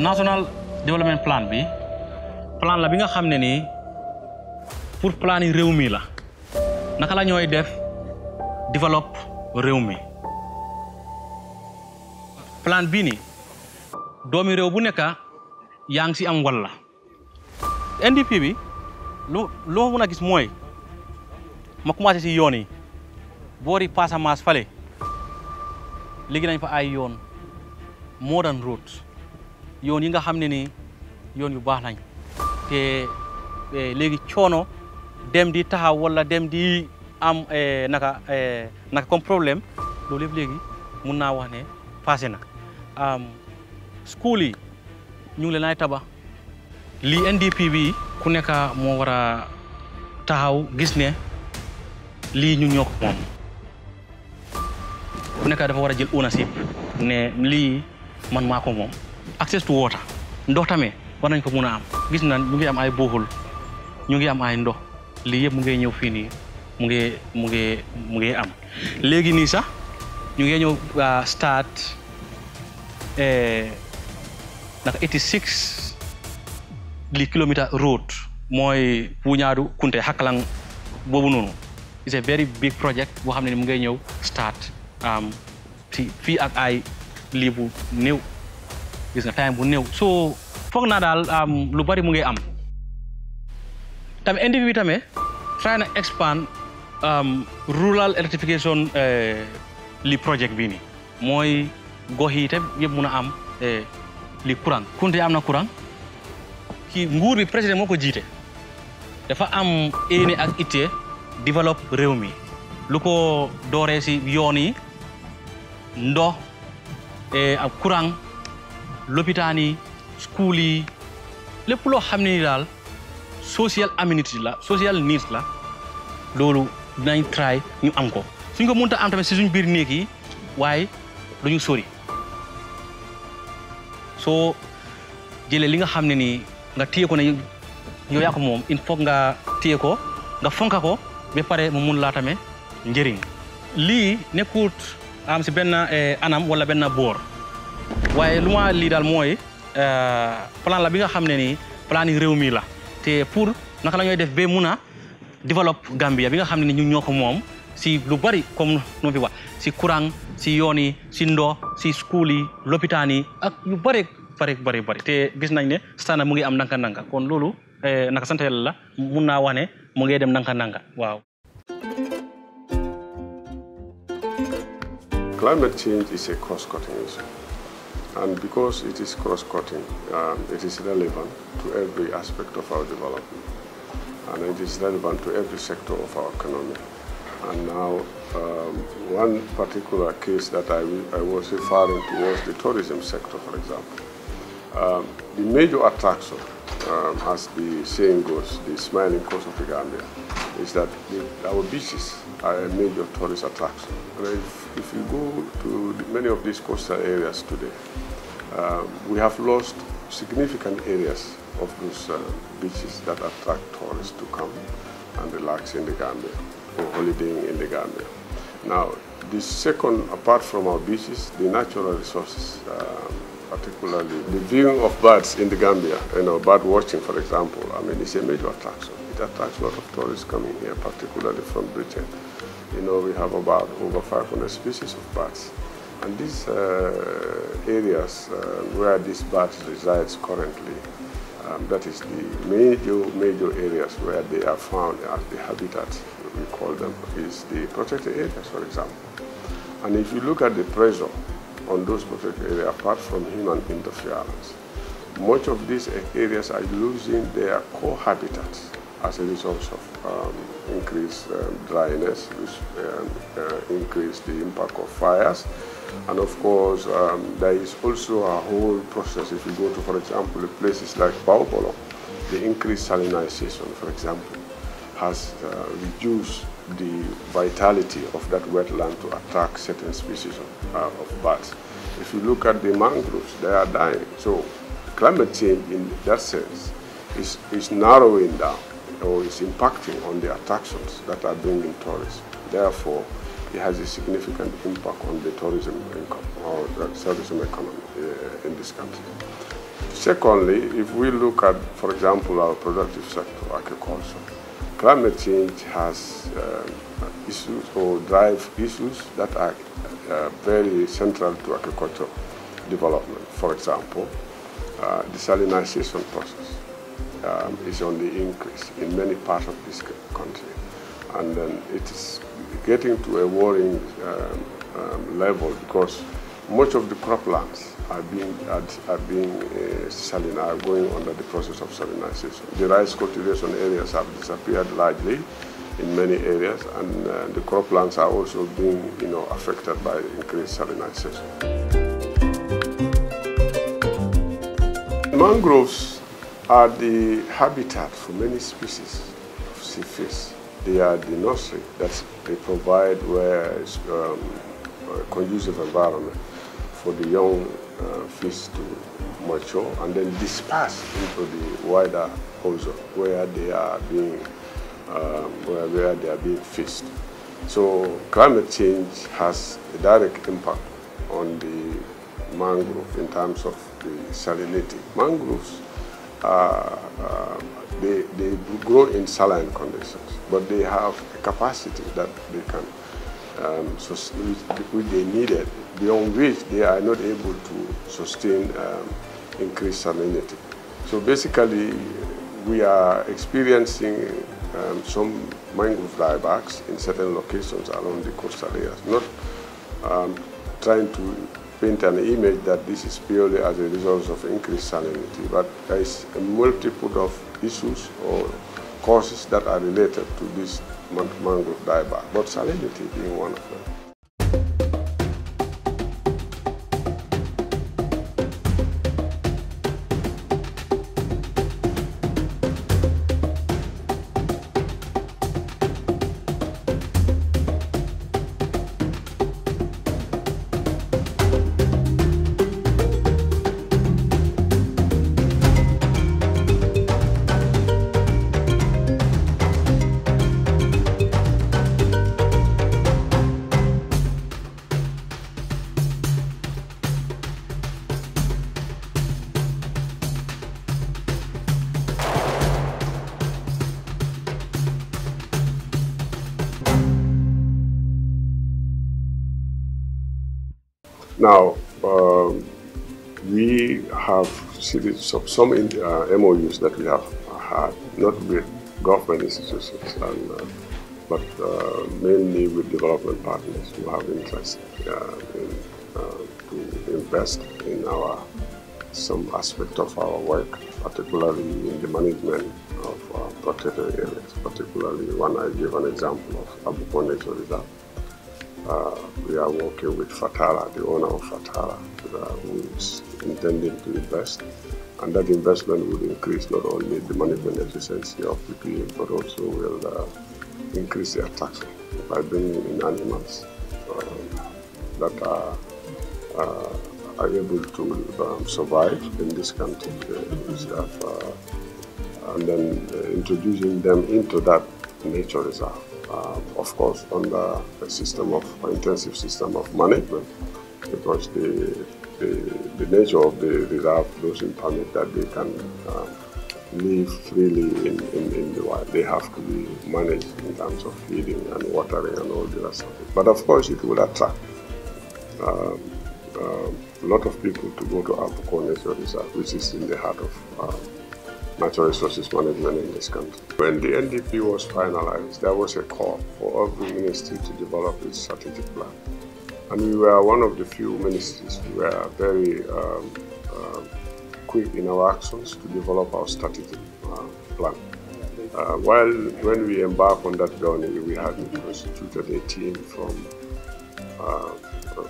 national development plan bi plan la bi nga xamné ni pour plan yi réew mi la naka la ñoy def develop réew plan bi ni doomi réew bu nekk yaa ngi si am wala NDP bi lu lo mën semua, gis moy ma commencé si yoni bori passamas falé fale nañ fa ay yoon modern route yoon yi nga xam ne ni yoon yu baax lañ te eh, léegi coono dem di taxaw wala dem di am eh, naka eh, naka comme problème loolu yëpp léegi mun naa wax ne passé na. school yi ñu ngi leen ay tabax lii NDP bi ku nekk moo war a taxaw gis ne lii ñu ñoo ko moom ku nekk dafa war a jël ownership ne lii man maako moom. access to water ndox tamé, war nañ ko mun am gis na ñu ngi am ay booxul ñu ngi am ay ndox lii yëpp mu ngi ñëw fii nii mu ngi mu ngi mu ngi am léegi nii sax ñu ngi ñëw uh, start eh, naka 86 li kilometer road mooy wuñaadu kunte hakkalang boobu noonu it's a very big project boo xam ne mu ngi ñëw start um, fii ak ay lii bu néew gis nga time bu néew so foog naa daal um, lu bari mu ngi am tamit individu tamit try na expand um, rural electrification eh, li project bii nii mooy gox yi itam yëpp mun a am eh, li courant kunte am na courant ki nguur mi président moo ko jiite dafa am éene ak ittee développe réew mi lu ko dooree si yoon yi ndox eh, ak courant lopitaan yi school yi lépp loo xam ne ni daal social amenities la social needs la loolu dinañ try ñu am ko suñ ko mënta am tamit si suñ biir néegi yi waaye duñu sori soo jëlee li nga xam ne ni nga téye ko ne yow ko moom il faut nga téye ko nga fonka ko ba pare mu mun laa tamit njëriñ lii nekkut am si benn eh, anam wala benn boor waye luma li dal moy euh plan la bi nga xamné ni plan yi la té pour naka la ñoy def bé muna develop Gambia bi nga xamné ni ñu ñoko mom si lu bari comme no fi wax si courant si yoni, si ndo, si school yi l'hôpital yi ak yu bari bari bari bari té gis nañ né stana mu ngi am nanka nanka kon loolu euh, naka sant yàlla la mun wané mu ngi dem nanka nanka waaw. Climate change is a cross-cutting issue. And because it is cross-cutting, um, it is relevant to every aspect of our development. And it is relevant to every sector of our economy. And now, um, one particular case that I, I, was referring to was the tourism sector, for example. Um, the major attraction, um, as the saying goes, the smiling coast of the Gambia, is that the, our beaches are a major tourist attraction. If, if, you go to the, many of these coastal areas today, uh, we have lost significant areas of those uh, beaches that attract tourists to come and relax in the Gambia or holidaying in the Gambia. Now, the second, apart from our beaches, the natural resources, uh, particularly the viewing of birds in the Gambia, you know, bird watching, for example, I mean, it's a major attraction. It attracts a lot of tourists coming here, particularly from Britain. You know, we have about over 500 species of birds. And these uh, areas uh, where this bat resides currently, um, that is the major, major areas where they are found as the habitat, we call them, is the protected areas, for example. And if you look at the pressure on those protected areas, apart from human interference, much of these areas are losing their core habitat as a result of um, increased um, dryness, which um, uh, increase the impact of fires, and of course, um, there is also a whole process. If you go to, for example, places like Paopolo, the increased salinization, for example, has uh, reduced the vitality of that wetland to attack certain species of, uh, of birds. If you look at the mangroves, they are dying. So climate change in that sense is, is narrowing down or is impacting on the attractions that are bringing tourists. Therefore, it has a significant impact on the tourism income or the uh, tourism economy uh, in this country. Secondly, if we look at, for example, our productive sector, agriculture, climate change has uh, issues or drive issues that are uh, very central to agriculture development. For example, uh, salinization process um, is on the increase in many parts of this country. And then it is getting to a worrying um, um, level because much of the croplands are being, are, are being uh, are going under the process of salinization. The rice cultivation areas have disappeared largely in many areas and uh, the croplands are also being you know, affected by increased salinization. Mangroves are the habitat for many species of sea fish they are the nursery that they provide where it's um, a conducive environment for the young uh, fish to mature and then disperse into the wider ozone where they are being um, where, where they are being fished. So climate change has a direct impact on the mangrove in terms of the salinity. Mangroves, uh, uh, they, they grow in saline conditions but they have a capacity that they can, um, which they needed, beyond which they are not able to sustain um, increased salinity. So basically, we are experiencing um, some mangrove diebacks in certain locations along the coastal areas. Not um, trying to paint an image that this is purely as a result of increased salinity, but there is a multiple of issues or causes that are related to this mangrove dieback, but salinity being one of them. see some, some in, uh, MOUs that we have had, not with government institutions, and, uh, but uh, mainly with development partners who have interest uh, in, uh, to invest in our some aspect of our work, particularly in the management of uh, protected areas. Particularly, one I give an example of Abuko Nature Reserve. Uh, we are working with Fatara, the owner of Fatala, uh, who is intending to invest. And that investment will increase not only the management efficiency of the PPA, but also will uh, increase their tax by bringing in animals um, that are uh, are able to um, survive in this country uh, uh and then uh, introducing them into that nature reserve um, of course, under a system of an intensive system of management, because the the, the nature of the reserve, those in permit that they can um, live freely in, in, in, the wild. They have to be managed in terms of feeding and watering and all the rest of it. But of course, it would attract um, um, a lot of people to go to Abuko Nature Reserve, which is in the heart of. Uh, natural resources management in this country. When the NDP was finalized, there was a call for every ministry to develop its strategic plan. And we were one of the few ministries who were very um, uh, quick in our actions to develop our strategic uh, plan. Uh, while when we embarked on that journey, we had constituted a team from uh,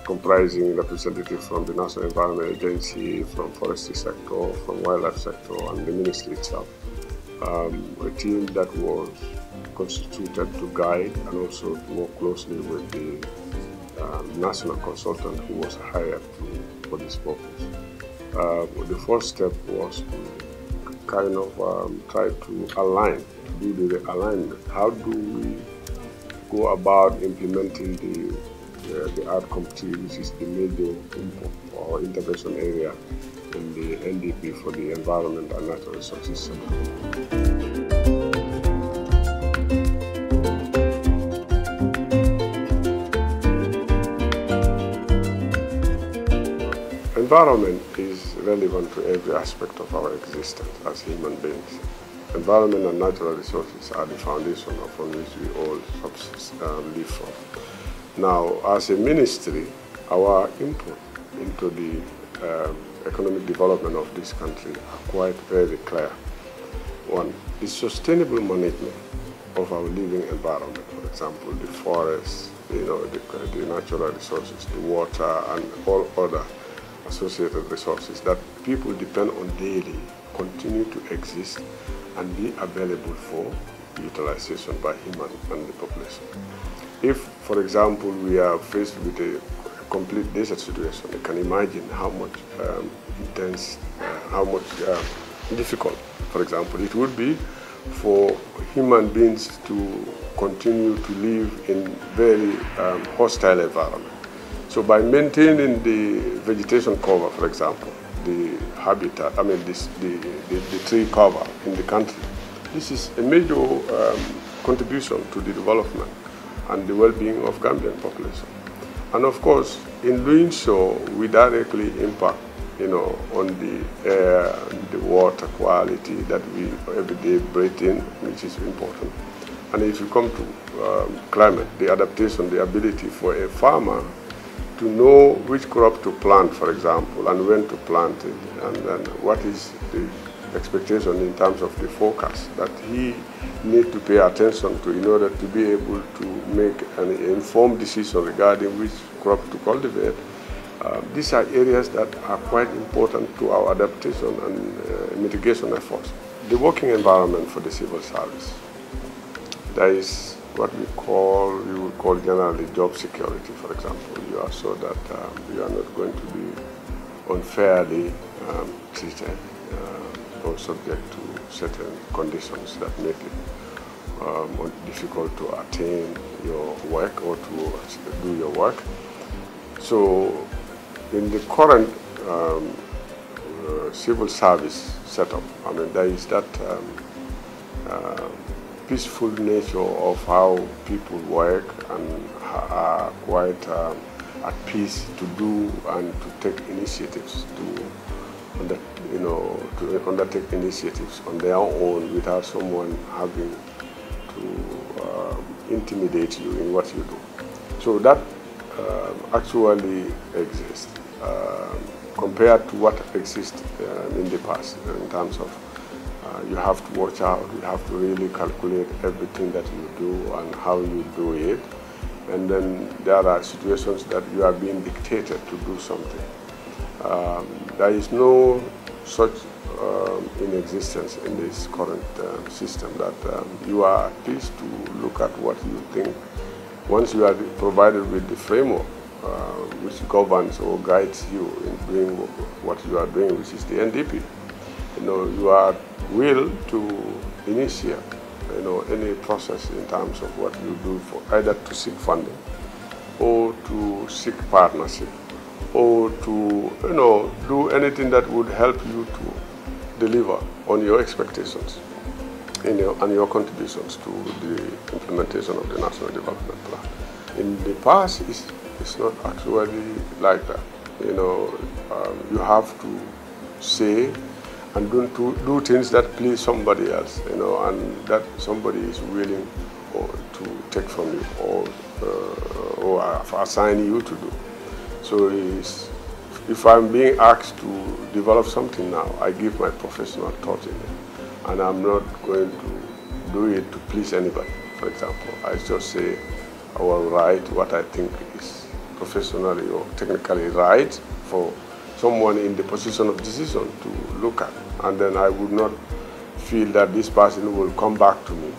comprising representatives from the National Environment Agency, from forestry sector, from wildlife sector, and the ministry itself. Um, a team that was constituted to guide and also to work closely with the um, national consultant who was hired to, for this purpose. Uh, the first step was to kind of um, try to align, do the alignment. How do we go about implementing the uh, the outcome tree, which is the major input or intervention area in the NDP for the environment and natural resources Environment is relevant to every aspect of our existence as human beings. Environment and natural resources are the foundation upon which we all uh, live from. Now, as a ministry, our input into the um, economic development of this country are quite very clear. One, the sustainable management of our living environment, for example, the forests, you know, the, the natural resources, the water, and all other associated resources that people depend on daily continue to exist and be available for utilization by human and the population. If, for example, we are faced with a complete desert situation, you can imagine how much um, intense, uh, how much uh, difficult, for example, it would be for human beings to continue to live in very um, hostile environment. So by maintaining the vegetation cover, for example, the habitat, I mean this, the, the, the, tree cover in the country, this is a major um, contribution to the development and the well-being of Gambian population. And of course, in doing so, we directly impact, you know, on the air, uh, the water quality that we every day breathe in, which is important. And if you come to um, climate, the adaptation, the ability for a farmer to know which crop to plant, for example, and when to plant it, and, then what is the expectation in terms of the forecast that he need to pay attention to in order to be able to make an informed decision regarding which crop to cultivate. Um, these are areas that are quite important to our adaptation and uh, mitigation efforts. The working environment for the civil service. There is what we call, we would call generally job security, for example. You are so that um, you are not going to be unfairly um, treated. Uh, or subject to certain conditions that make it um, difficult to attain your work or to do your work. So in the current um, uh, civil service setup, I mean, there is that um, uh, peaceful nature of how people work and are quite um, at peace to do and to take initiatives to undertake you know, to undertake initiatives on their own without someone having to um, intimidate you in what you do. So that um, actually exists um, compared to what exists um, in the past in terms of uh, you have to watch out, you have to really calculate everything that you do and how you do it. And then there are situations that you are being dictated to do something. Um, there is no such um, in existence in this current uh, system that um, you are at to look at what you think. Once you are provided with the framework uh, which governs or guides you in doing what you are doing, which is the NDP, you know, you are will to initiate you know, any process in terms of what you do for either to seek funding or to seek partnership or to you know do anything that would help you to deliver on your expectations in your, and your contributions to the implementation of the national development plan. In the past, it's, it's not actually like that. You know, um, you have to say and do to do, do things that please somebody else. You know, and that somebody is willing or, oh, to take from you or uh, or assign you to do. So if I'm being asked to develop something now, I give my professional thought in it. And I'm not going to do it to please anybody, for example. I just say I will write what I think is professionally or technically right for someone in the position of decision to look at. And then I would not feel that this person will come back to me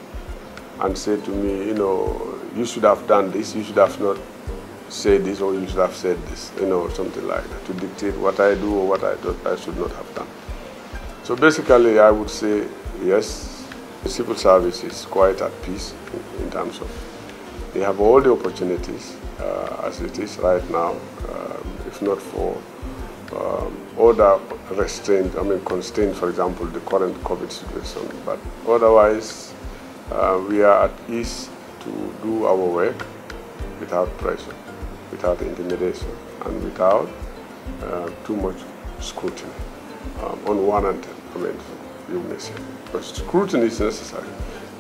and say to me, you know, you should have done this, you should have not say this or you should have said this, you know, something like that, to dictate what I do or what I, do, I should not have done. So basically, I would say, yes, civil service is quite at peace in, in terms of they have all the opportunities uh, as it is right now, um, if not for um, other restraints, I mean constraints, for example, the current COVID situation. But otherwise, uh, we are at ease to do our work without pressure without intimidation and without uh, too much scrutiny, um, unwarranted mean, you may say. But scrutiny is necessary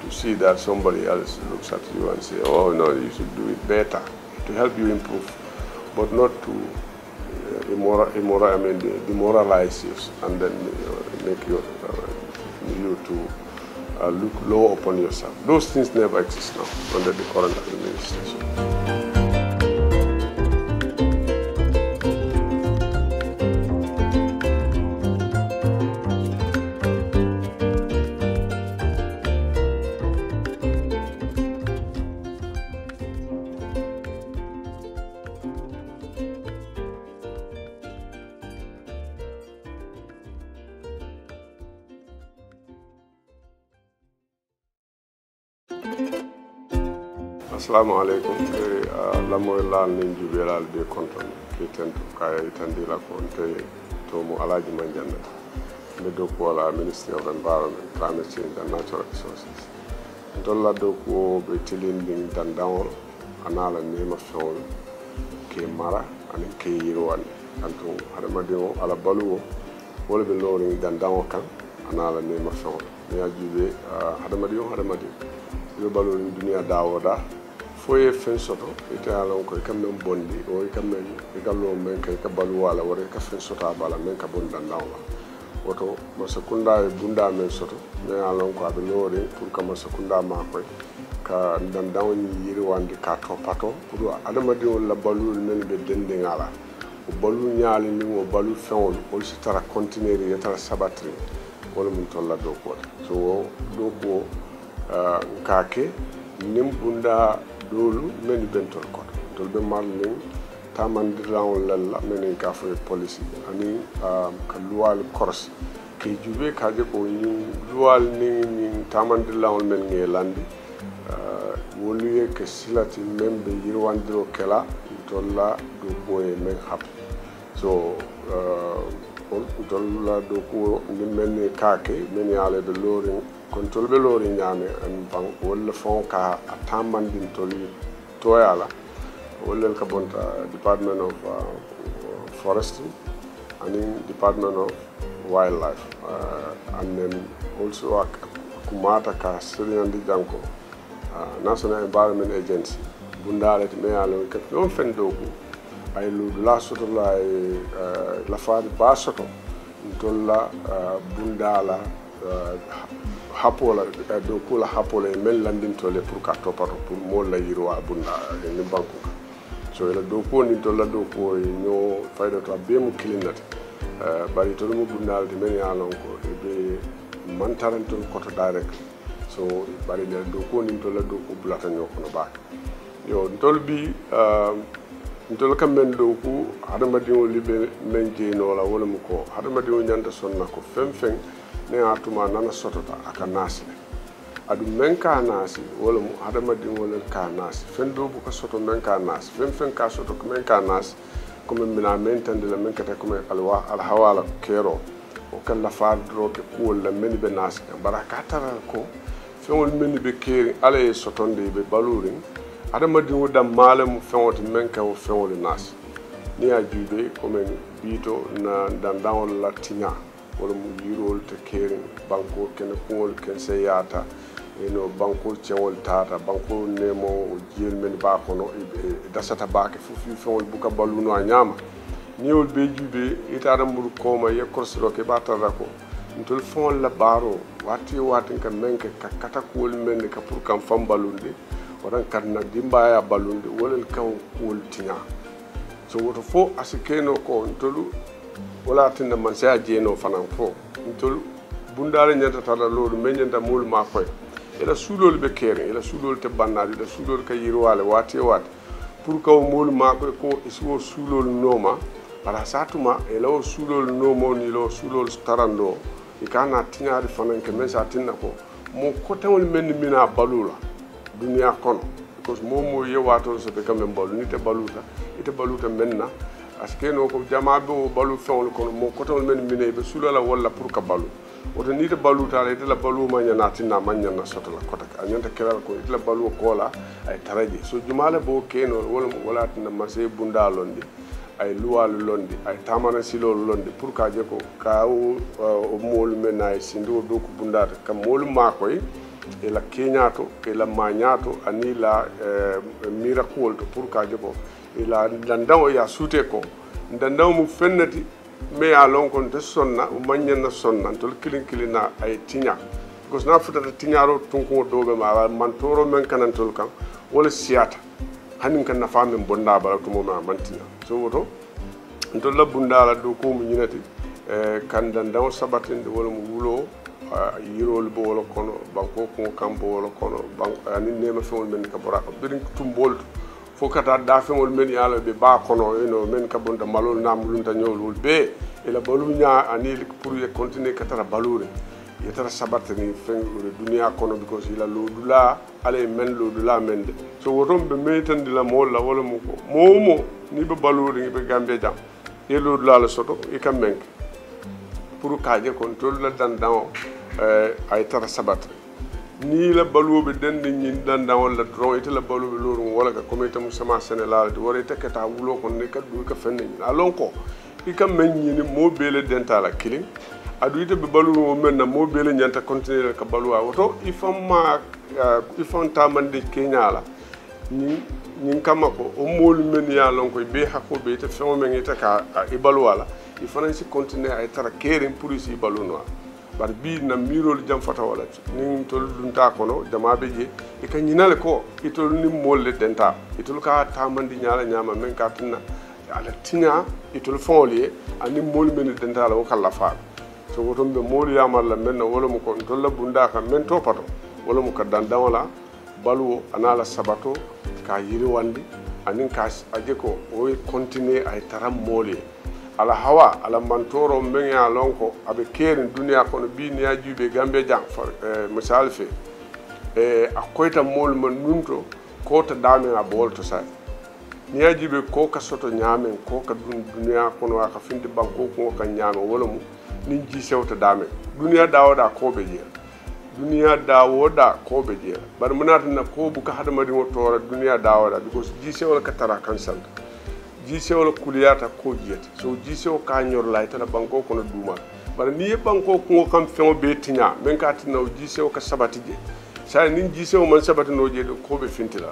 to see that somebody else looks at you and say, oh no, you should do it better, to help you improve, but not to uh, immoral, immoral, I mean, demoralize you and then uh, make you, uh, you to uh, look low upon yourself. Those things never exist now under the current administration. assalamu aleykum e lamoyel laal nen juɓelaal ɓe contan ɓe tentu kaya tandila ko on te to mo alaaji ma jannata mbed dow ko wala ministre of environnement climate change and natural resources dollat dow ko ɓe telindin dandawol a naala nema fewol ke mara ana key yirwanɗe anto haɗa maɗe o ala balu o wala ɓe lowri dandawo kan a naala nema fewol mais a juɓe haɗa maɗe o haɗa maɗe yo balu duniat dawoɗa foye fen soto ita alon ko kam men bondi o kam men gallo men kay ka balu wala wore ka fen sota bala men ka bonda lawla woto masakunda e bunda men soto ne alon ko abe lore pour ka masakunda ma ka dan dawni yiri ka to pato pour adamadi la balu men be dende ngala o balu nyaali ni o balu fewol o si tara continuer ya tara sabatri wala mun tolla do ko so do ko uh, kake nimbunda loolu nani bentol kono tol ɓe marlin tamandirawol lalla minen ka foye policy anin ka luwal korse ke juɓe kaje ko ni luwal nin ñin tamandirawol men nge landi woluye ke silati men ɓe yirwandiro kela tolla do ɓoye men haɓ so tolla do kuwo ndin men ne kaake men yaale ɓe loorin kontolibe loori nyaami n baŋ wolli fɔŋ ka a paŋ maŋ din toli toya la ka bonta department of uh, forestry and in department of wildlife uh, and then also a kumata ka di janko uh, national environment agency bundaale ti meŋ ye a loŋ ka feŋ feŋ dooku a ye luudulaa soto la a ye uh, lafaari baa soto ntolu uh, hapo la eh, do kula hapo la e men landin to le pour ka to par pour mo la yiro abunda ni banku so la do ko ni to la do ko e nyo fayda to be mu kilinat eh, bari to mo gundal de men yalon ko e be man taranto ko to direct so bari la do ko ni to la do ko bulata nyo ko no ba yo ntol bi eh, ntol kam men do ko adama o libe men je no la wala mu ko adama diwo nyanta sonna ko fem fem neŋa tuma nana sotota aka ka naasi le aɗum men ka naasi wo lemu ka naasi fen do buka soto meŋ ka naasi fen fen ka soto ko meŋ ka naasi komi mina meŋ tandi la meŋ kete alwa alhawa la keeroo wo la far dro ke kuwol la men be naasi ka bari ka tara ko feŋolu mennu be keeriŋ alla ye sotonde i be baluuriŋ hadamadiŋo dammaa lemu feŋo ti meŋ ka wo feŋolu naasi ni ye a juubee komi biito na dandaŋolu la wala mu yirol te keeri banko kene kuŋol ken se yaata ino banko ceŋol taata banko nemo jiyel meni baa kono e, e, dasata baake fofi feŋol buka balluno a ñaama niŋol be jube itaata mulu kooma ye korosiro ke baa tarata ko ntol feŋol la baaro waati ye waatin ka meŋ ke ka kata kuwol meŋ ne ka pour kan faŋ ballundi waraŋ katina dimbaaya balunde wolel kaŋ kuwol tiŋa so woto fo asi keno ko ntolu wala tinna man sa jeno fanan fo ntol bundare nyata tala lolu men mul ma koy ila sulol be kere ila sulol te bannade ila sulol ka yirwale wate wat pour ko mul ma koy ko iswo sulol noma bara satuma ila sulol nomo ni lo sulol tarando ikana tinari fanan ke men sa tinna ko mo tawol men mina balula duniya kono mo mo yewato so be kambe balu ni te baluta ite baluta menna aske no ko jama be o balu fewol kono mo kotol men mine be sulala wala pour ka balu oto to nita balu ta ite la balu ma nyana tinna ma nyana soto la kota ka nyanta kelal ko ite la balu ko la ay taraje so jumale bo keno wala wala tinna se bunda londi ay luwalu londi ay tamana silolu londi pour ka je ko ka o moolu men ay sindu do ko bundata kam moolu makoy e la keñato e la mañato ani la euh, mirakuwol to pour ka je ko ila e dandawo ya suute ko dandawo mu fennati mais ya lon kon te sonna o mañanna sonnantol kilin kilina ay tiña because na futata tiñaro tunkuŋo doɓe ma awa mantoro men kanantol kan wala siyata hanin kan nafa min bonda bala tumo ma tiña so woto ntol la bundala do ko mu ñinati eh, kan dandawo sabatinde wala mu wulo yirol bo wala kono banko kuŋo bo wala kono ani nema feŋol men ka bora birin tumboltu fokata dafeŋol men ye a la ɓe baa kono ino men ka bonta malol namulunta ñowlwol bee ila balu ña ani pour ye continuer ka tara balure ye tara sabarte ni feŋ duniya kono because ila loodula ala ye men loodula men de so woton ɓe meytandila mool la wala mu ko moo mo ni ɓe baluure ngi ɓe gambie jam ye loodula la soto i kam menke pour kaaje kon tolu la dandan o eh, ay tara sabatre ni la baluɓe dande ñin dandawol la doron ite la baluɓe lorum wala ka comme ite mu sama sene laalati wara ite keta wulo kon ne ka du ka fenne ñin alon ko i kam men ñini mo beele dentala kilin aɗu ite ɓe balurum o men na mo beele ñanta continuer ka baluwa woto i famma euh, i fantamande la ñin ñin kama ko o moolu men ya lon koye ɓe hakko ɓe ite fewo men ite ka i baluwa la i fanan si continuer ay tara kerin pour isi balunoa bari bi nam miirolu jam fata walati nin tolu dunta kono jamaɓe je e ka ñinale ko itol nin molle denta itol ka tamandi ñala ñama men ka tinna ala tiña itol feŋolu ye anin moolu menu denta la wo kalla faaɓe so woton ɓe moolu yamal la men na wolomu ko ntolla bunda ka men to pato wolomu ka dandaŋo la baluwo ana la sabato ka yiriwandi anin ka aje ko wo continue ay tara moolu ye ala hawa ala mbantoro mbeŋ alonko abe lon ko kono bi ni ajube gambe jang for eh, fe e a koyta moolu ma nun to ko ta damen a bool to say niya juuɓe ko ka soto nyame ko ka dun dunia kono a ka banko ko ka nyame wala mu ni ji sewta damen duniya dawoda ko be je duniya dawoda ko be je bari munata na ko bu ka hadama di wotora duniya dawoda because ji sewol ka tara kan santa jiisewol kuliyaata ko jiyata so jiisewo ka ñorla itata banko kono duuma bara ni ye banko kuŋo kam feŋo bee tiña meŋ ka tinna o jiisewo ka sabati je saa niŋ jiisewo maŋ sabatino je de be finti la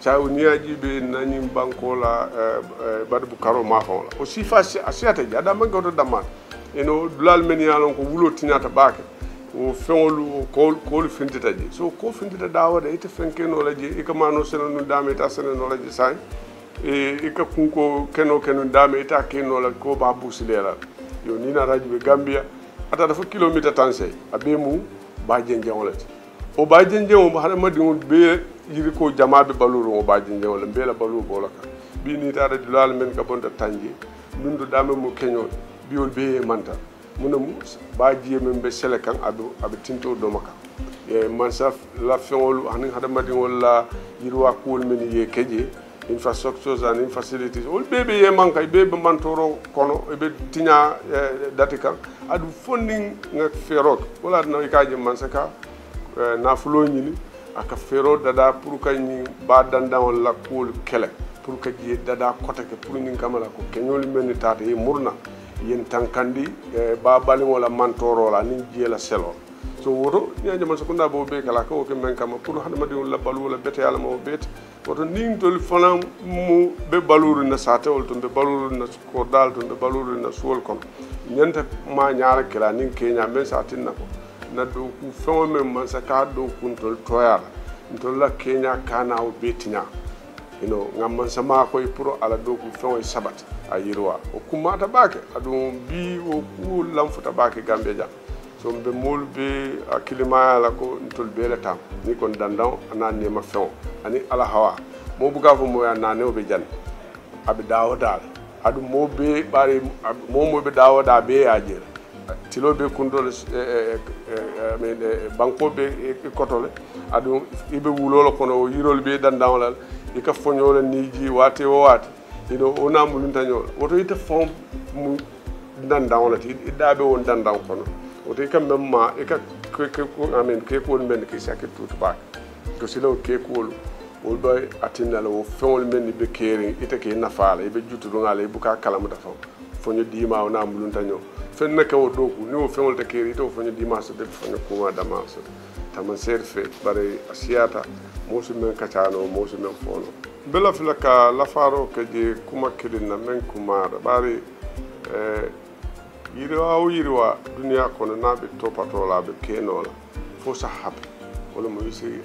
saa niŋ ye jii be nañiŋ banko la eh, eh, baribu karo maafaŋo la o siifa a siyata je ada maŋ ke woto dammaata ino dulaalu meŋ ye a e loŋ ko wuloo tiñata baake o feŋolu koolu fintita je so ko fintita daawo ite feŋ kenoo la je i ka maanoo sene nu daame ita sene noo la je saayiŋ e, e kunko keno keno dame ita e keno la ko ba busilera yo ni na radio gambia ata dafa kilomita tanse abe mu ba jenje wala o ba jenje o hada madi on be yiri ko jama be baluru o ba jenje wala be la balu bola ka bi ni ta radio lal men ka bonta tanje nundu dame mu kenyo bi ol be manta munam ba jiye men be sele kan ado abe tinto do maka e man sa la feol hanin hada madi wala yirwa kool men ye keje infrastructures and infacilities wol ɓeɓe yemanka e ɓeɓe mantoro kono eɓe tiña dati kan aɗum fonnin ga ferot wala adana ikaji man saka nafuloñini aka fero dada pour ni ba dandawol cool kele pour ka je dada kote ke pour ni kamala ko kenyoli men tata ye murna yen tankandi e ba balimola mantorola ni jeela selol so woto ña jaman so kunda bo be kala ko ke men kama pour hadamadiŋol la balu la beteyala yalla mo beete woto niŋ tol fanaŋ mu be baluru na saatewol to be baluru na ko to be baluru na suwol kono ñanta ma kala kila ke keña men sa tinna ko na dooku men meŋ mansa ka dooku ntolu tooya la ntolu la keña kaanawo bee tiña ino nga mansa maa koy pour ala dooku feŋo sabat a yirwa o kummaata baake adum bi wo kuu lanfuta baake gambe jaa so mbe moolu be akilimaya la ko ntolu bee le tam ni kon dandaŋo ana nema ani ala hawa mo buga fo moya naaneo be jani a be daawo daa le aduŋ moo bee bari moo moo be daawo daa bee ye a je be kuntoo le bankoo be eh, eh, eh, i koto le be wuloo le kono wo yirol be dandaŋo la le i ka foñoo le nii jii waati ino wo naa woto ite fom mu dandaŋo le ti be won dandaŋo kono det ka même ma e ka ke amen ke ko men ke sa ke bak ko silo ke wol ba atinna la wo fewol men ni be kere ite e ke nafala ibe jutu do ngale bu ka kalam da fo fonyo dima na mulun tanyo fen na kawo doku ni wo fewol ta kere ite wo diima dima so de fonyo kuma da ma so tama fe bare a asiyata musu men kacano musu men fono bela fila ka lafaro ke je kuma kirin na men kuma bare eh, yiriwa o yiriwa duniya kono n'a bɛ to la a bɛ la fo sa habi walima i se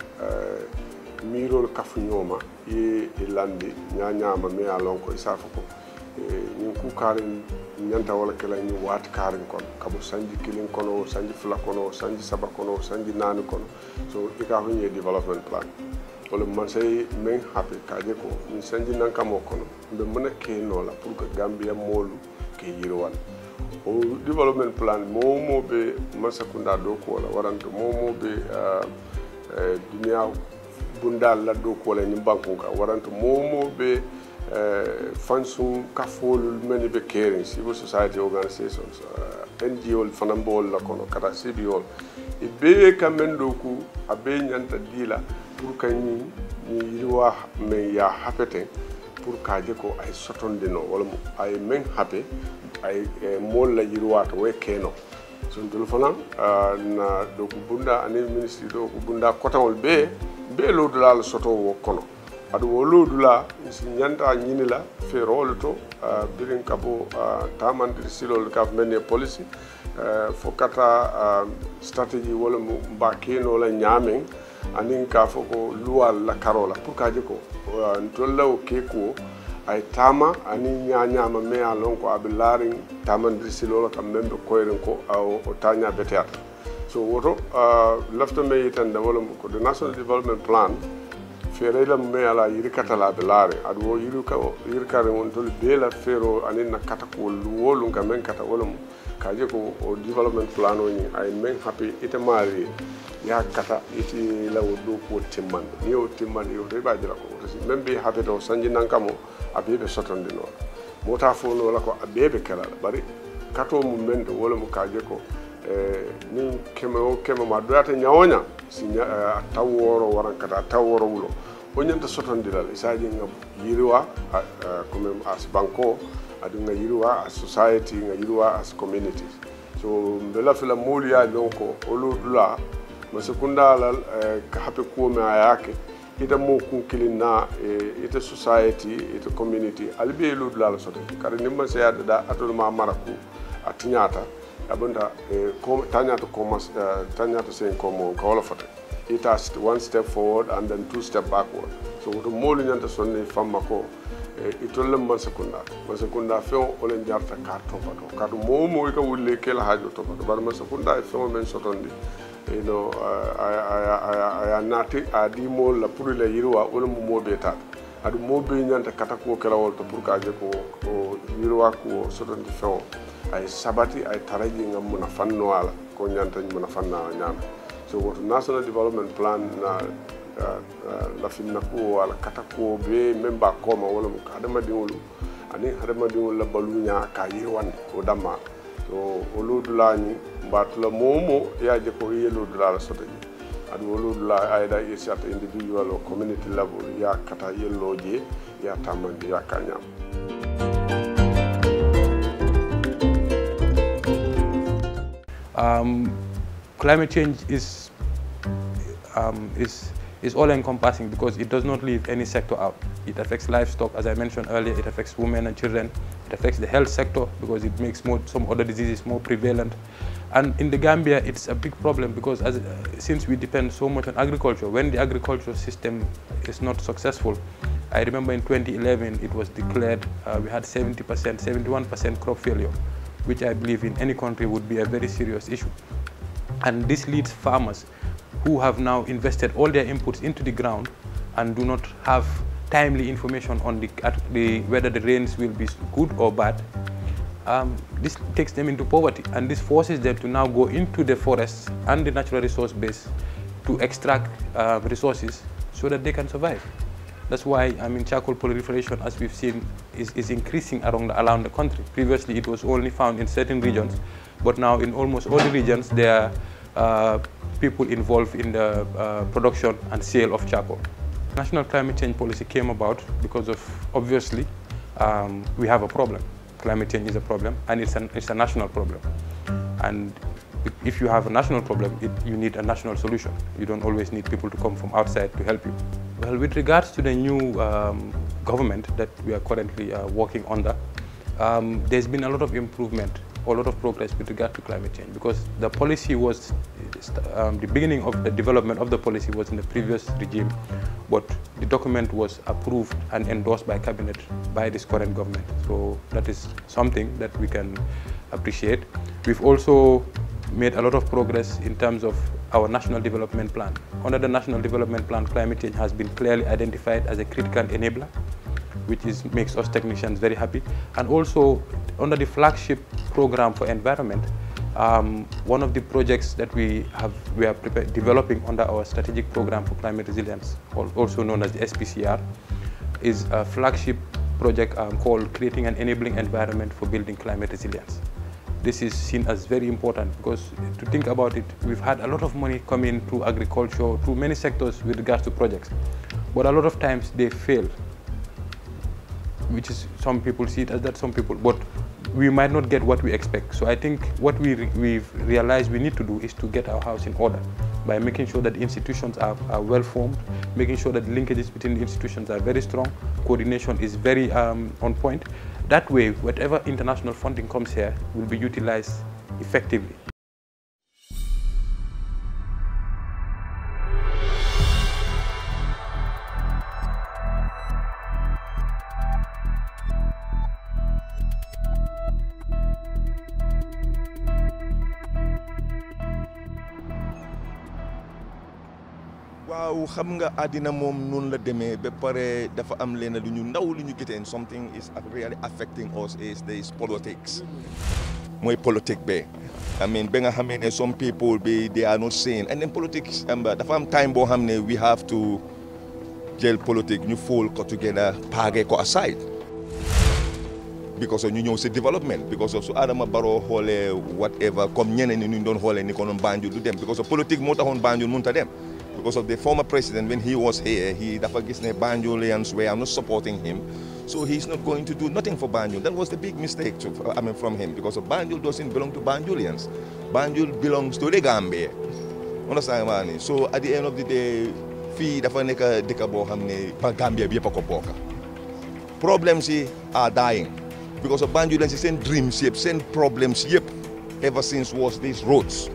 miirol kafuɲɔgɔn ma i ye i lande ɲa ɲaama min y'a lɔn ko i saa eh, fɔ ko nin ku kaarin ɲanta wala kɛla ɲin waati kaarin kono ka sanji kelen kono sanji fula kono o sanji saba kono o sanji naani kono so i k'a fɔ n ye development plan wala mansay ka happy kaje ko nin sanji nan kamo kono mbe mona ke no la pour que gambia molu ke yirwan o development plan moo moo be masakunda dookuwo la waranto moo moo be uh, duniya uh, bundal la dookuwo la ñiŋ bankun ka waranto moo moo be uh, fansum kafoolu meni be caring civil society organizations ngo uh, ngol fanaŋ la kono kata sibiol e bee ka men dooku a bee ñanta dii la pour ka ñi ñiŋ yiriwa men ye a pour ka jeko ko a ye sotondino walla ay men hape ay e mool la yirwaata wo keeno suntul fana uh, ah, na do bunda ani ministre doku bunda kotawol be be loodula la sotoo wo kono aɗum wo lodula si ñanta ñini la feerowolu to uh, ah, birin ka bo ah, silol ka menne policy uh, eh, fo stratégie wala mo mba keeno la ñaameŋ aniŋ ka fo ko luwal la karola pour ka je ko uh, ntol la wo kee ay tama ani ñañama meya lon ko aɓe laari tamandiri silola kam men ɓe koyren ko o taña beteyata so woto lefto me yitande wala ko de national development plan feereyla me ala yiri katala katalaɓe laare aɗa wo yiri yirikare won tol beela feero anin na kata ko wolum ka men kata wala mo kaje ko o development plan o ñi ay men happy ite ya kata iti lawo wo do ko timman ni o timman yo to ibaji ko to mem be habe do sanji nan kamo abebe sotonde no mota fo no la ko abebe kala bari kato mu mendo wala mu kaje ko e ni keme o keme ma do ata nyawonya si uh, eh, taworo waran kata taworo wulo o nyanta sotonde la isaji ngam yiriwa comme uh, as banko adu nga yiriwa as society nga yiriwa as community so mbela fila mulu ya lonko olodula masekundalal ka eh, hape kuome ayake ita mo kunkilinna eh, ita society ita community alibe la sote kadi nimma seyadda atolma maraku a tiñata abonta eh, tañata komas tañata sen komo ka wala fote ita one step forward and then two step backward so woto moolu ñanta sonni famma ko itolle mansakunda mansakunda feŋo wo le jarta ka topato kaatu moo mo mo ka wulle ke la haajo topato bari mansakunda e feŋo men sotondi no aya nati ɗimol la pour la yirwa wala mo moɓe taɗa aɗum moɓe ñanta kata kuwo kelawol to pour kaje ko ko yirwa kuwo sotandi fewo ay sabati ay taraji gam mona fanno ala ko ñantañ na fannala ñama so woto national development plan uh, uh, uh, na na ko ala kata kuwo be même ba kooma wala mo ko hadamadiŋolu aniŋ hadamadiŋolu la balunya ka yirwande o damma to oludulani mbatula momo yaje ko sota sotaji aɗum oludula ayda irsi individual o community level yakkata yelloje yatamande yakka ñam um, climate change is um, is is all encompassing because it does not leave any sector out. It affects livestock, as I mentioned earlier, it affects women and children, it affects the health sector because it makes more, some other diseases more prevalent. And in the Gambia, it's a big problem because as, uh, since we depend so much on agriculture, when the agricultural system is not successful, I remember in 2011 it was declared uh, we had 70%, 71% crop failure, which I believe in any country would be a very serious issue. And this leads farmers who have now invested all their inputs into the ground and do not have timely information on the, the whether the rains will be good or bad. Um, this takes them into poverty and this forces them to now go into the forests and the natural resource base to extract uh, resources so that they can survive. That's why I mean charcoal proliferation, as we've seen, is, is increasing around the, around the country. Previously, it was only found in certain regions, but now in almost all the regions, there are uh, people involved in the uh, production and sale of charcoal. National climate change policy came about because of, obviously, um, we have a problem. Climate change is a problem and it's, an, it's a national problem. And if you have a national problem, it, you need a national solution. You don't always need people to come from outside to help you. Well, with regards to the new um, government that we are currently uh, working under, um, there's been a lot of improvement a lot of progress with regard to climate change because the policy was um, the beginning of the development of the policy was in the previous regime, but the document was approved and endorsed by cabinet by this current government. So that is something that we can appreciate. We've also made a lot of progress in terms of our national development plan. Under the national development plan, climate change has been clearly identified as a critical enabler which is, makes us technicians very happy. And also under the flagship program for environment, um, one of the projects that we have we are developing under our strategic program for climate resilience, also known as the SPCR, is a flagship project um, called Creating an Enabling Environment for Building Climate Resilience. This is seen as very important because to think about it, we've had a lot of money coming to through agriculture, through many sectors with regards to projects, but a lot of times they fail which is some people see it as that, some people, but we might not get what we expect. So I think what we re we've realized we need to do is to get our house in order by making sure that institutions are, are well formed, making sure that linkages between institutions are very strong, coordination is very um, on point. That way, whatever international funding comes here will be utilized effectively. waaw xam nga àddina moom noonu la demee ba pare dafa am leen lu ñu ndaw lu ñu gisee something is really affecting us is this politics mooy politique be I mean ba nga xamee ne some people be they are not sane and then politics dafa am time boo xam ne we have to jël politique ñu fool ko together paage ko aside because of ñu ñëw si development because of su Adama Barrow xoolee whatever comme ñeneen ñi ñu doon xoolee ni ko noonu Banjul du dem because of politique moo taxoon Banjul mënut a dem because of the former president, when he was here, he Dafagisne Banjulians I'm not supporting him. So he's not going to do nothing for Banjul. That was the big mistake to, I mean, from him because Banjul doesn't belong to Banjulians. Banjul belongs to the Gambia. Understand what I mean? So at the end of the day, fee dafa nekk dëkk boo xam ne pa Gambia bi yëpp problems are dying because of Banjulians yi seen dreams yëpp seen problems yep, ever since was these roads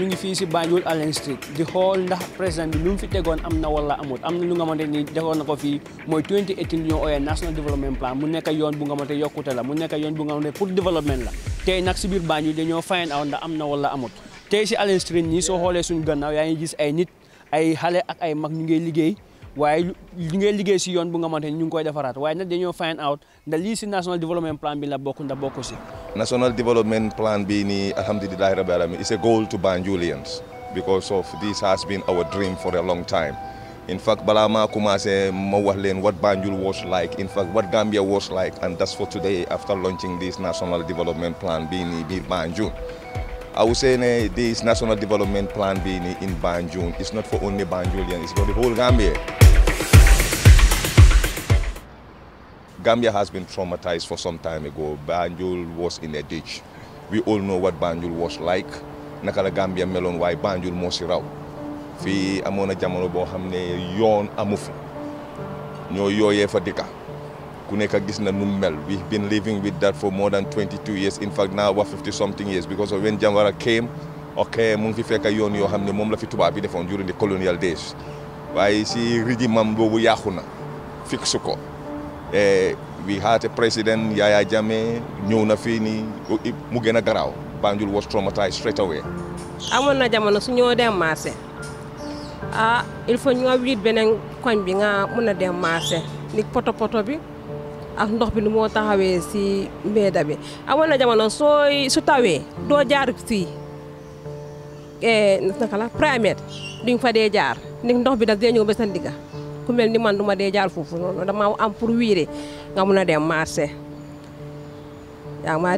ñu ngi fii si Banjul Allen Street di xool ndax président bi lu mu fi tegoon am na wala amut am na lu nga xamante ni defoon na ko fii mooy 2018 ñoo ooyee national development plan mu nekk yoon bu nga xamante yokkute la mu nekk yoon bu nga xamante pour développement la tey nag si biir Banjul dañoo find out ndax am na wala amut tey si Allen Street ñii soo xoolee suñu gannaaw yaa ngi gis ay nit ay xale ak ay mag ñu ngi liggéey waaye li ngay liggéey si yoon bu nga xamante ni find out the lii national development plan bi la bokk ndax bokk national development plan bi nii alhamdulilahi rabbil is a goal to Banjulians because of this has been our dream for a long time. In fact, Balama Kumase Mawahlen, what Banjul was like, in fact, what Gambia was like, and that's for today after launching this national development plan, bini Banjul. I would say uh, this national development plan being in Banjul, it's not for only Banjulians, it's for the whole Gambia. Gambia has been traumatized for some time ago. Banjul was in a ditch. We all know what Banjul was like. Nakala Gambia melon waaye Banjul mosira. si raw fii amona jamono boo xam ne yoon amu fi fa Kuneka Gisna Nummel. We've been living with that for more than 22 years. In fact, now about 50 something years because when Jamwara came, okay, mu ngi fi yoon yoo xam ne moom la fi tubaab bi defoon during the colonial days waaye si régime boobu yàqu na fix ko eh, we had a president Yaya Jammeh ñëw na fii nii mu gën a garaaw Banjul was traumatized straight away. amoon na jamono su ñoo dem marché ah il faut ñu wiit beneen koñ bi nga a dem marché ni poto bi. ak ndox bi nu mo taxawé si mbéda bi amoon jamono soy su tawé do jaar si e, naka la premier duñ fa dé jaar ndig ndox bi da dé ñu bëssan diga ku melni man duma dé jaar fofu non dama am pour wiré nga mëna e. a dem marché yaa ngi maa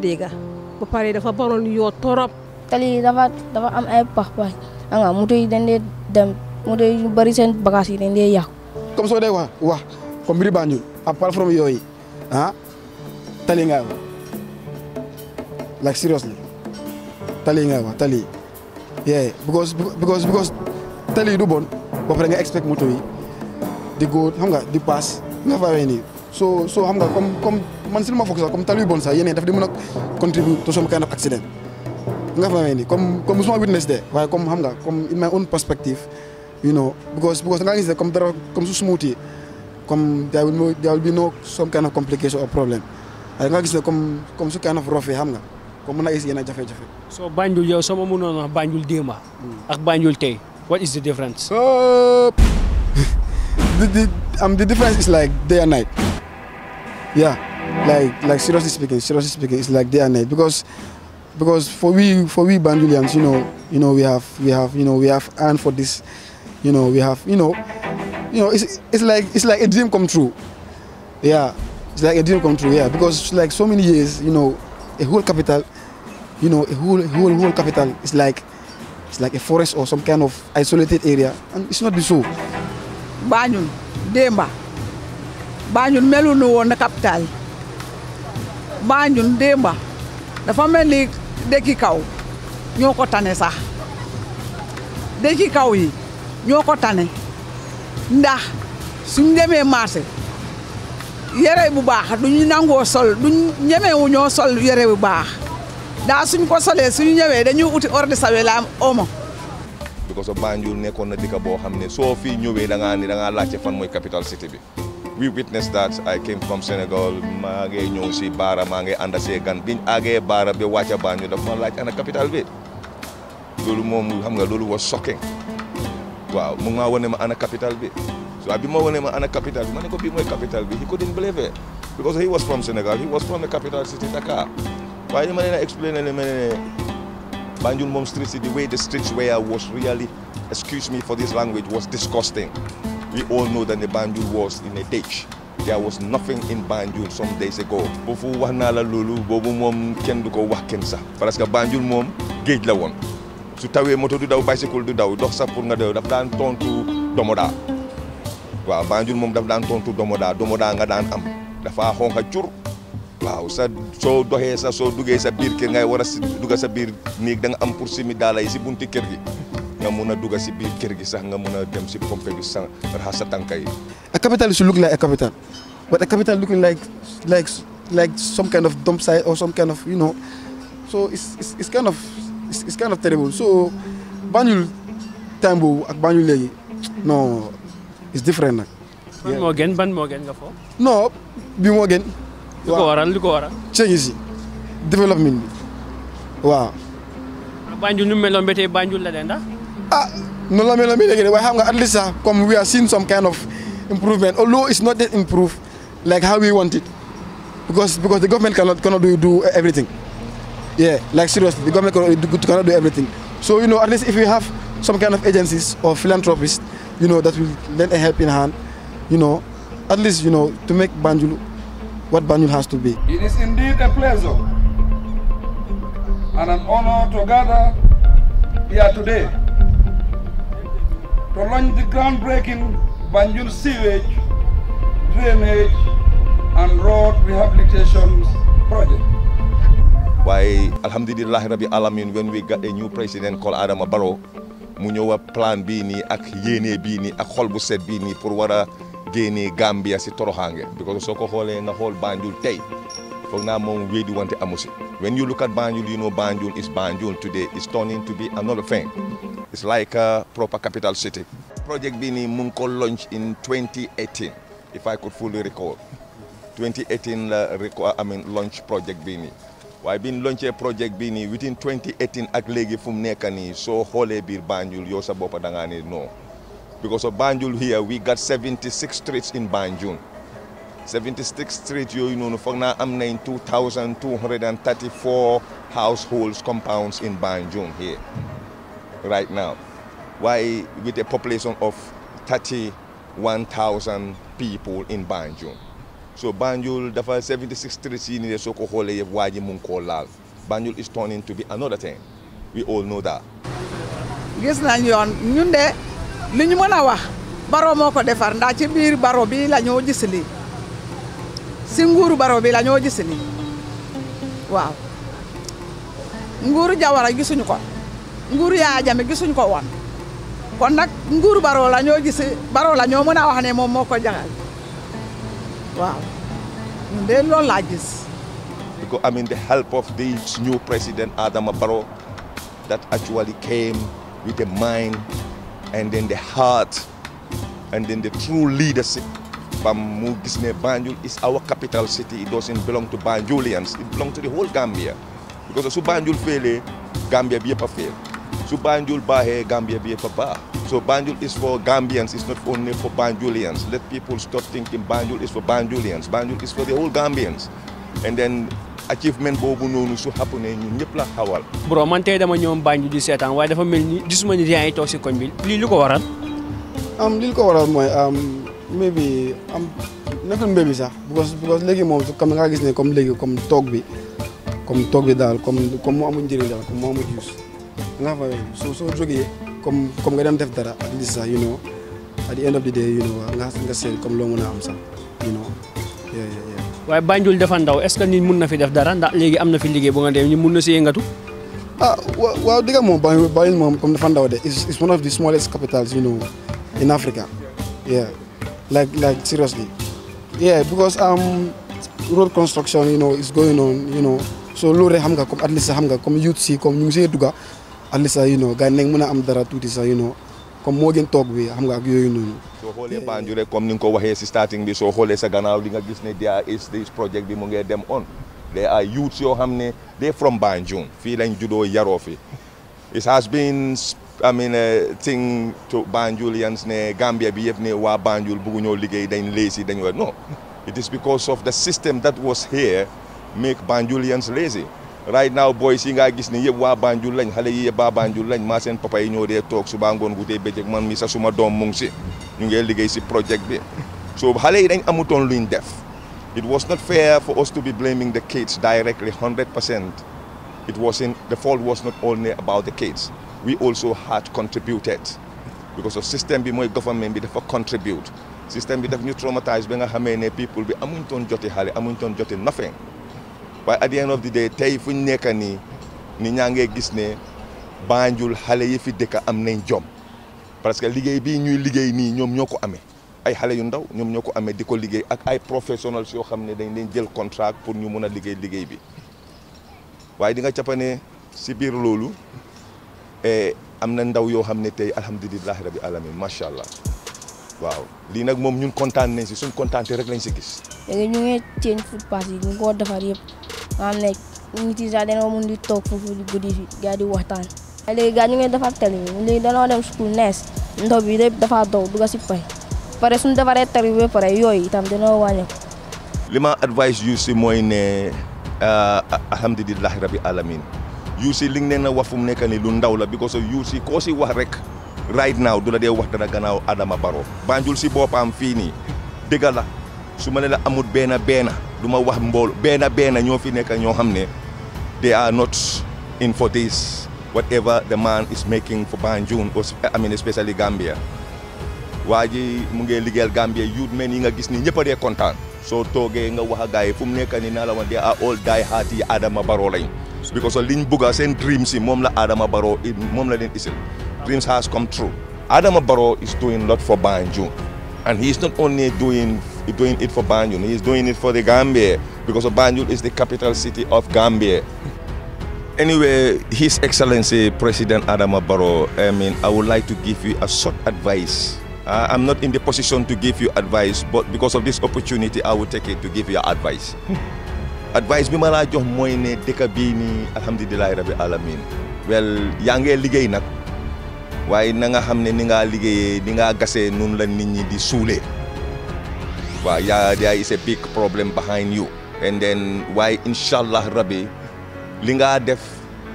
bu paré pare dafa baroon yo torop. tali dafa dafa am ay eh, pax pax nga mu tay dañ dem mu yi yu bari sen bagage yi ya. dañ dee yàqu. comme so dé wax wax comme riba ñu ak plateforme yoy Ah? Tali nga Like seriously? Tali nga wa Tali. Yeah, because because because tali du bon ba pare nga expect moto yi di go xam nga di pass nga fa wéni so so xam nga comme comme man si focus comme tali bon sa yene daf di mëna contribute to some kind of accident nga fa wéni comme comme musuma witness dé waye comme xam nga comme in my own perspective you know because because nga gis comme dara comme su smoothie comme there will, no, there will be no some kind of complication or problem waaye nga comme comme kind of comme jafe-jafe. Banjul yow sama Banjul ak Banjul tey what is the difference. the the um the difference is like day and night. yeah like like seriously speaking seriously speaking it's like day and night because because for we for we bandulians, you know you know we have we have you know we have and for this you know we have you know. you know, it's, it's like it's like a dream come true. Yeah, like a dream come true. Yeah, because like so many years, you know, a whole capital, you know, a whole whole whole capital is like a forest or some kind of isolated area, and it's not be so. Banjul, Demba, Banjul melunu woon na capital. Banjul Demba dafa mel ni dëkki kaw ñoo ko tane sax dëkki kaw yi ñoo ko tane. ndax suñ demee marché yére bu baax duñu nangoo sol duñ ñemewu ñoo sol yére bu baax daa suñ ko solee suñu ñëwee dañuy uti hors de sawe la am omo parce que Banjul nekkoon na dëkk boo xam ne soo fi ñëwee da ngaa ni da ngaa fan mooy capital city bi we witnessed that I came from Senegal maa ngi ñëw si Baara maa ngi ànd see gan biñ àggee Baara bi wàcca Banjul dafa ma laaj ana capital bi loolu moom xam nga loolu was shocking Wow, munga wone ma ana capital bi So bi ma wone ma ana capital bi ma ko capital bi he couldn't believe it because he was from Sénégal he was from the capital city Dakar Why ni ma leen a explain leen ma Banjul mom street the way the streets were was really excuse me for this language was disgusting we all know that the Banjul was in a ditch there was nothing in Banjul some days ago Bofu wax naa la loolu boobu moom kenn du ko Banjul mom gate la one. su tawé moto du daw bicycle du daw dox sax pour nga daw daf daan tontu domoda waaw Banjul mom daf daan tontu domoda domoda nga daan am dafa xonka ciur waaw sa so doxee sa so duggee sa bir kër ngay wara si dugga sa bir néeg da nga am pour simi dalay ci si bunti kër gi nga mëna dugga si bir kër gi sax nga mëna a dem ci pompe bi sa ra sa tankay a capital su look like a capital but a capital looking like like like some kind of dump site or some kind of you know so it's it's, it's kind of it's, it's kind of terrible so Banjul time boobu ak Banjul léegi non it's different nag. ban moo gën ban moo gën nga foofu. non bi moo gën. waaw li ko waral li ko waral. change si développement bi waaw. Ah, Banjul nu mu meloon ba tey Banjul la de ndax. ah noonu la meloon ba léegi de waaye xam nga at least sax comme we are seeing some kind of improvement although it's not yet improved like how we want it because because the government cannot cannot do do everything. Yeah, like seriously, the government cannot do everything. So, you know, at least if we have some kind of agencies or philanthropists, you know, that will lend a helping hand, you know, at least, you know, to make Banjul what Banjul has to be. It is indeed a pleasure and an honor to gather here today to launch the groundbreaking Banjul sewage, drainage and road rehabilitation project. Alhamdulillah, rabbi alamin when we got a new president called Adama Barrow mu ñëw plan bini, nii ak yéenee bii nii ak xol bu set bii nii pour Gambia si toroxaange because soo ko xoolee nga xool Banjul tey foog naa moom wéedi wante amu when you look at Banjul you know Banjul is Banjul today is turning to be another thing it's like a proper capital city project bini nii mu ngi ko launch in 2018 if I could fully recall 2018 la reco I mean launch project bini waaye been ñu a project bi nii within 2018 ak léegi fu mu nekk nii soo xoolee biir Banjul yow sa bopp da ngaa non because of Banjul here we got 76 streets in Banjul 76 streets yooyu noonu foog naa am nañ 2234 households compounds in Banjul here right now waaye with a population of 31000 people in Banjul. so Banjul dafa 76 streets yi soo ko xoolee yëpp waa ji mu ngi koo laal Banjul is turning to bi another thing we all know that. gis nañ yoon ñun de li ñu mën a wax baro moo ko defar ndaa ci biir baro bi la ñoo gis lii si nguuru baro bi lañoo ñoo gis lii waaw nguuru Jawara gisuñu ko nguur Yaaya Jammeh gisuñu ko woon kon nag nguuru baroo la ñoo gis baro la ñoo mën a wax ne moom moo ko jaxal Wow, they're not like this. because I mean the help of this new president Adam Abaro, that actually came with the mind and then the heart and then the true leadership bam Banjul is our capital city it doesn't belong to Banjulians it belongs to the whole Gambia because if Banjul félee Gambia bi yëpp a Banjul baaxee Gambia bi a So Banjul is for Gambians, it's not only for Banjulians. Let people stop thinking Banjul is for Banjulians. Banjul is for the whole Gambians. achievement boobu noonu su xappanee ñun ñëpp la xawal. bro man tey dama ñëwoon Banjul di seetaan waaye dafa mel ni gisuma ni yaa ngi toog si koñ bi lii lu ko waral. am li ko waral mooy mbéy bi am nekkul mbéy bi sax because because léegi moom comme nga gis ne comme léegi comme toog bi comme toog bi daal comme comme mu amul njëriñ daal mu comme comme nga dem def dara at least you know at the end of the day you know nga nga seet comme lo meuna am sax you know yeah yeah yeah waaye Banjul defa ndaw est ce que nit mun na fi def dara ndax legui amna fi liggéey bu nga dem ni mun na si yëngatu ah diga dëgg moom Banjul mom comme defa ndaw de it's one of the smallest capitals you know in Africa yeah like like seriously yeah because um road construction you know is going on you know so loolu re xam nga comme at least xam nga comme youth ci comme ñu ngi see dugga at least uh, you know gars yi nañ mën a am dara tuuti sax you know comme moo gën toog bi xam nga ak yooyu noonu. soo xoolee Banjul rek comme ni nga ko waxee si starting bi soo xoolee sa gannaaw di nga gis ne there is this project bi mu ngee dem on They are youth, yoo xam ne they from Banjul fii lañ juddoo yaroo fi it has been I mean uh, thing to Banjulians ne Gambia bi yëpp ne waa Banjul bëgguñoo liggéey dañ lazy dañ war non it is because of the system that was here make Banjulians lazy. right now boys yi ngaa gis ne yëpp waa Banjul lañ xale yi yëpp waa Banjul lañ maa seen papa yi ñoo dee toog suba ngoon gudee bëccëg man mi sa suma doom mu ngi si ñu ngee liggéey si project bi so xale yi dañ Amuton luñ def it was not fair for us to be blaming the kids directly 100 percent it wasn't the fault was not only about the kids we also had contributed because of system bi my government bi dafa contribute system bi daf ñu traumatise ba nga xamee ne people bi amuñ toon joti xale amuñ toon jote nothing waaye at the end of tey fu ñu nekk nii ni ñaa ngee gis ne Banjul xale yi fi dëkk am nañ jom parce que liggéey bii ñuy liggéey nii ñoom ñoo ko amee ay xale yu ndaw ñoom ñoo ko amee di ko liggéey ak ay professionnels yoo xam ne dañ leen jël contrat pour ñu mun a liggéey liggéey bi waaye di nga capane si biir loolu eh, am na ndaw yoo xam ne tey alhamdulilah rabi alamin macha allah. waaw lii nag moom ñun kontaan nañ si suñ kontaan rek lañ si gis. léegi ñu ngi change foot pass yi ñu ko defar yëpp maanaam léegi nit yi sax dañoo mun di toog foofu di guddi fi gars di waxtaan. léegi gars ñu ngi defar tali bi léegi dañoo dem school nees ndox bi lépp dafa daw dugg si pay pare suñu defaree tali bi pare yooyu itam dañoo wàññeeku. li ma advice yu si mooy ne ah, ah, alhamdulilah rabi alamin yu si li ngeen a wax fu mu nekk nii lu ndaw la because yu si koo si wax rek. right now du la dee wax dara gannaaw Adama Barrow Banjul si boppam fii nii dëgg la su ma ne la amul benn benn du ma wax mbool benn benn ñoo fi nekk ñoo xam ne de are not in for this whatever the man is making for Banjul or I mean especially waa ji mu ngi liggéeyal Gambia youth men yi nga gis ni ñëpp dee kontaan soo toogee nga wax a gars yi fu mu nekk nii naa la woon they are all die hard yi Adama Barrow lañ because liñ bugga seen dream si moom la Adama Barrow moom la leen isil dreams has come true. Adam Barrow is doing a lot for Banjul. And he's not only doing, doing it for Banjul, he's doing it for the Gambia because Banjul is the capital city of Gambia. Anyway, His Excellency President Adam Barrow, I mean, I would like to give you a short advice. Uh, I'm not in the position to give you advice, but because of this opportunity, I will take it to give you advice. advice bi ma laa jox mooy ne dëkk bii nii rabi alamin well yaa ngee liggéey nag waye na nga xamne ni nga liggéeyee ni nga gassé noonu la nit ñi di soulé wa ya yaa is a big problem behind you and then waaye inshallah rabbi li nga def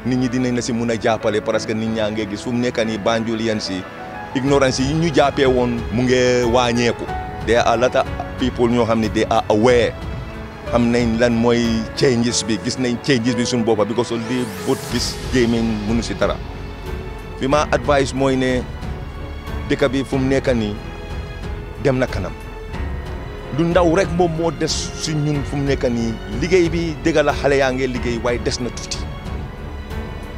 nit ñi dinañ la si mëna jappalé parce que nit ñaa nga gis fum nekkani Banjul yeen si ignorance yi ñu jappé won mu ngi ko there are lot of people ñoo xam they are aware xam nañ lan moy changes bi gis nañ changes bi sun bopa because ko the boot this gaming mënu bi ma advice mooy ne dëkk bi fu mu nekk nii dem na kanam lu ndaw rek moom moo des si ñun fu mu nekk nii liggéey bi dëgg la xale yaa ngi liggéey waaye des na tuuti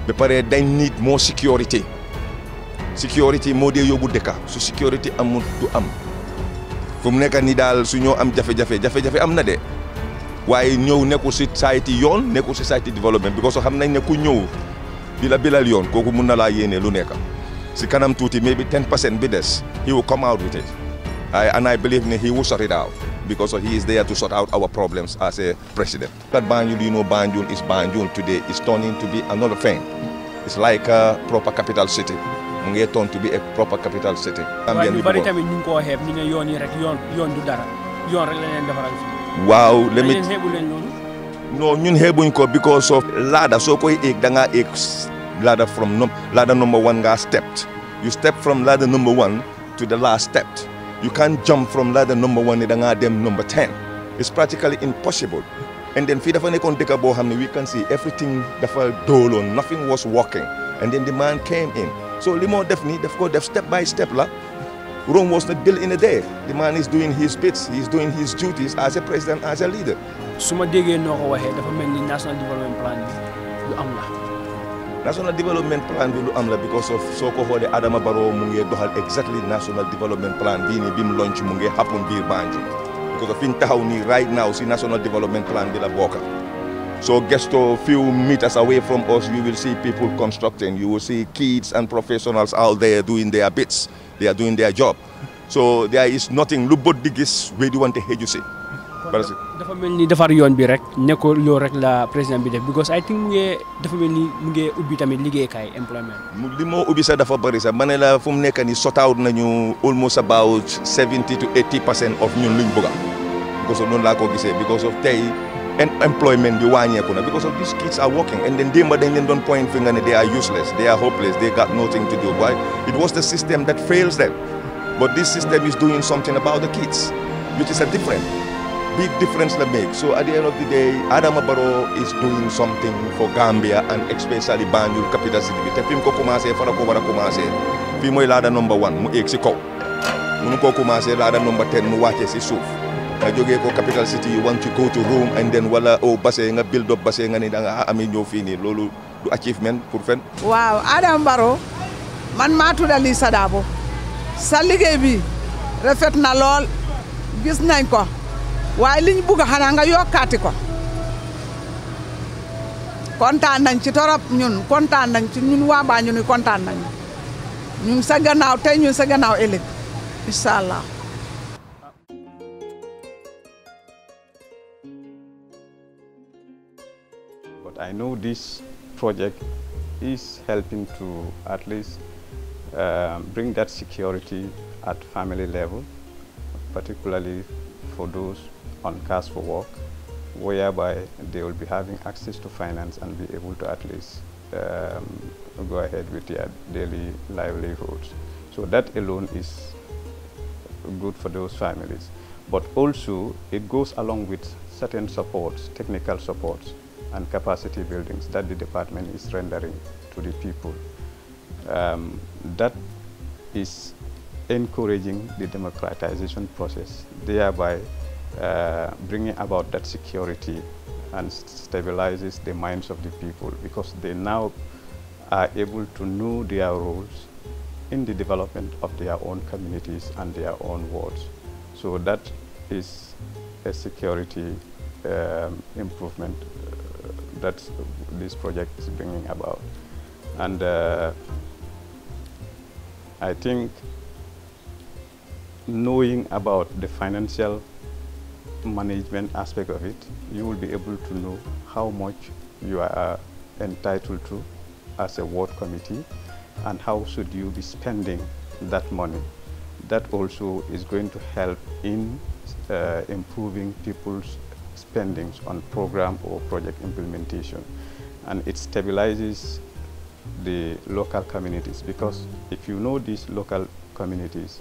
ba pare dañ nit moo sécurité sécurité moo dee yóbbu dëkk su sécurité amul du am fu mu nekk nii daal su ñoo am jafe-jafe jafe-jafe am na de waaye ñëw nekkul si society yoon nekkul si society development because xam nañ ne ku ñëw. Bila bila bilal yoon kooku na laa yéene lu nekk si kanam tuuti maybe ten percent bi des he will come out with it I, and I believe ne he will sort it out because he is there to sort out our problems as a president. That Banjul, you know, Banjul is Banjul today. It's turning to be another thing. It's like a proper capital city. mu ngi turn to be a proper capital city. waaye ñu bari tamit ñu ñu ne yoon yi rek yoon yoon du dara yoon rek la leen no ñun xeebuñ ko because of ladder. So, koy éeg da ngaa ladder from num number one ngaa stepped you step from ladder number one to the last step you can't jump from ladder number one to da ngaa dem number ten it's practically impossible and then fii dafa nekkoon dëkk boo xam ne we can see everything dafa dooloon nothing was working and then the man came in so li definitely, def nii daf ko def step by step la Rome was not built in a day. The man is doing his bits, he's doing his duties as a president, as a leader. su ma déggee noo ko waxee national development plan the amla national development plan the amla because of so ko Adama Barrow mu Dohal exactly national development plan Bini bim launch munge happen because of ñu right now see national development plan bi boka So just a few meters away from us, you will see people constructing. You will see kids and professionals out there doing their bits. they are doing their job so there is nothing lu bët di gis wéydiwante xëju si. parce que dafa mel ni defar yoon bi rek ne ko loolu rek la président bi def because I think mu ngi dafa mel ni mu ngi ubbi tamit liggéeykaay employment. li moo ubbi sax dafa bëri sax ma ne la fu mu nekk nii sotaawut nañu almost about seventy to eighty percent of ñun luñ bëgg a. because of noonu laa ko gisee because of tey. and employment be one year because of these kids are working and then they but then don't point finger and they are useless they are hopeless they got nothing to do why it was the system that fails them but this system is doing something about the kids which is a different big difference they make so at the end of the day Adam Barrow is doing something for Gambia and especially Banjul capital city but if you mu ko commencé fa la ko war number one mu éeg si kaw mënu number ten mu wàccee nga jógee ko capital city you want to go wala o Basse nga build up Basse nga ni da nga amee ñëw nii loolu du achievement pour fen waaw Adama Barrow man maa tudd Lisa Dabo sa liggéey bi rafet na lool gis nañ ko waaye liñ bugg xanaa nga yokkaati ko kontaan nañ ci torop ñun kontaan nañ ci ñun waa Banjul ñu kontaan nañ ñun sa gannaaw tey ñun sa gannaaw ëllëg incha I know this project is helping to at least uh, bring that security at family level, particularly for those on cash for work, whereby they will be having access to finance and be able to at least um, go ahead with their daily livelihoods. So that alone is good for those families. But also, it goes along with certain supports, technical supports, and capacity buildings that the department is rendering to the people. Um, that is encouraging the democratization process, thereby uh, bringing about that security and stabilizes the minds of the people because they now are able to know their roles in the development of their own communities and their own wards. So that is a security um, improvement that this project is bringing about. And uh, I think knowing about the financial management aspect of it, you will be able to know how much you are uh, entitled to as a ward committee and how should you be spending that money. That also is going to help in uh, improving people's spendings on program or project implementation. And it stabilizes the local communities because if you know these local communities,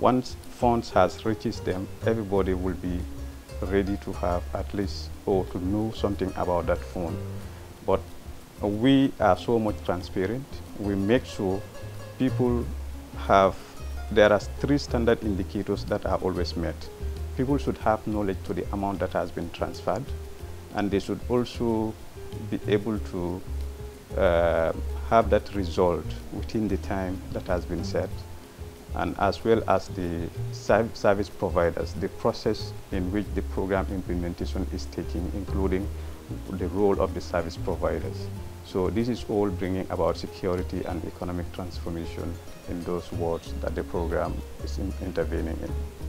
once funds has reaches them, everybody will be ready to have at least or to know something about that fund. But we are so much transparent. We make sure people have, there are three standard indicators that are always met people should have knowledge to the amount that has been transferred and they should also be able to uh, have that result within the time that has been set and as well as the service providers, the process in which the program implementation is taking, including the role of the service providers. So this is all bringing about security and economic transformation in those wards that the program is intervening in.